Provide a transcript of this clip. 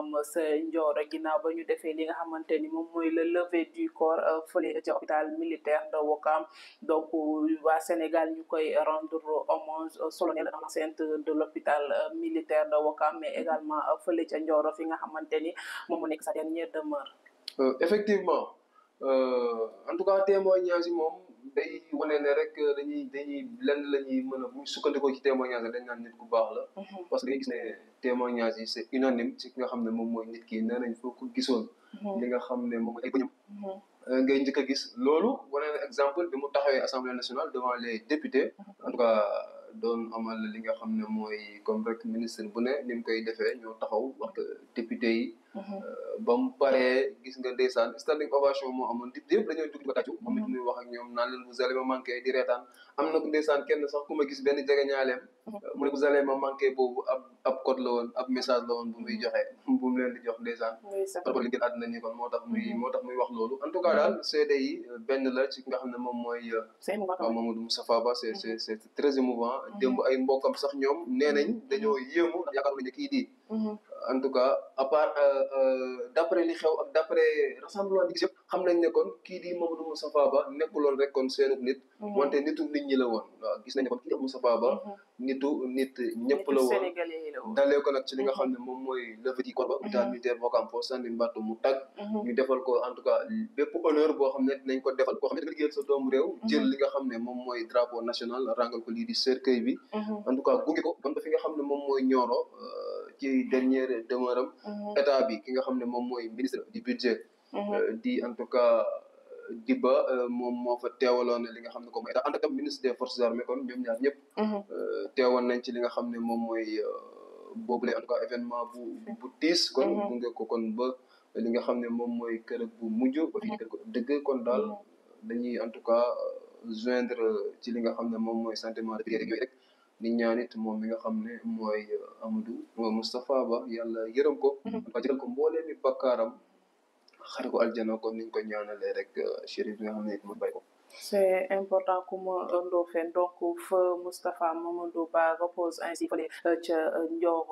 ñoom sa njooro ginnaaw ba ñu defee ni nga xamante ni moom mooy le levée du corps euh, fële ca hôpital militaire de Ouakam donc waa Sénégal ñu koy rendre hommage solennel en l'enceinte de l'hôpital euh, militaire de Ouakam mais également euh, fële ca njooro fi nga xamante ni moom mu nekk sa dernière demeure effectivement en tout cas témoignage yi moom day wane ne rek dañuy dañuy lenn la ñuy mën a bu ñu sukkandikoo ci témoignage dañ naan baax la mhm. parce que gis témoignage yi c'est unanime ci nga xam ne moom mooy nit ki nee nañ foo ko gisoon mhm. li nga xam ne moom ay bëñam mhm. euh, ngay njëkk a gis loolu wane na exemple bi mu taxawee assemblée nationale devant les députés mhm. en tout cas doon li nga xam ne mooy comme rek ministre bu ne ni mu koy defee ñoo taxaw wax député yi Mm-hmm. Euh, ba mu paree gis nga ndeysaan standing ovation moo amoon di yëpp dañoo jug di mm-hmm. wax ak ñoom naan leen vous allez ma manqué di reetaan am na ma gis benn jege ñaaleem mm-hmm. euh, mu ne vous allez ma manqué boobu ab ab code la joxe jox ndeysaan par rapport li gën àddina tax muy moo tax muy wax loolu en tout cas daal CD yi euh, benn la xam ne moom mooy Mamadou Moustapha Ba c'est c'est c'est très émouvant démb ay mbokkam sax ñoom nee nañ dañoo yéemu ndax yaakaar nañ ne di en tout cas à part euh, euh, d' après li xew ak d' après rassemblement bi xam nañ ne kon kii di Mamadou Moustapha Ba nekkuloon rek kon seenu nit. Mm-hmm. wante nitu nit ñi la woon waaw gis nañ ne kon kii di mm-hmm. ñëpp la woon ko li nga mm-hmm. xam ne moom mooy levée du corps ba hôpital militaire Bocampo mu tag ñu defal ko en tout cas bépp boo xam ne dinañ ko defal koo xam ne sa doomu réew. jël li nga xam ne moom mooy drapeau national rangal ko lii di cercueil bi. en tout cas gunge ko kon fi nga xam ne moom mooy Nioro euh, ci dernière demeure am mhm. état bi ki nga xam ne moom mooy ministre du budget mhm. euh, di en tout cas Diba euh, moom moo fa teewaloon li nga xam ne comme état ànd ak tam ministre des forces armées kon mhm. euh, nañ ci li nga xam ne moom mooy boobu en tout cas événement bu bu tiis kon gunge ko kon ba li nga xam ne moom mooy kër bu mujj dëgg kon daal dañuy en tout cas joindre ci li nga xam ne moom mooy sentiment de prière rek di ñaan moom mi nga xam ne mooy euh, Amadou Moustapha Ba yàlla yërëm ko. Mhm. bajal ko mboolee mi bakkaaram xare ko aljana ko niñ ko ñaanalee rek euh, chérif bi nga xam ne it mu ko. C'est important Coumba Ndoffène donc feu Moustapha Mamadou Ba repose ainsi fële euh, ca Nioro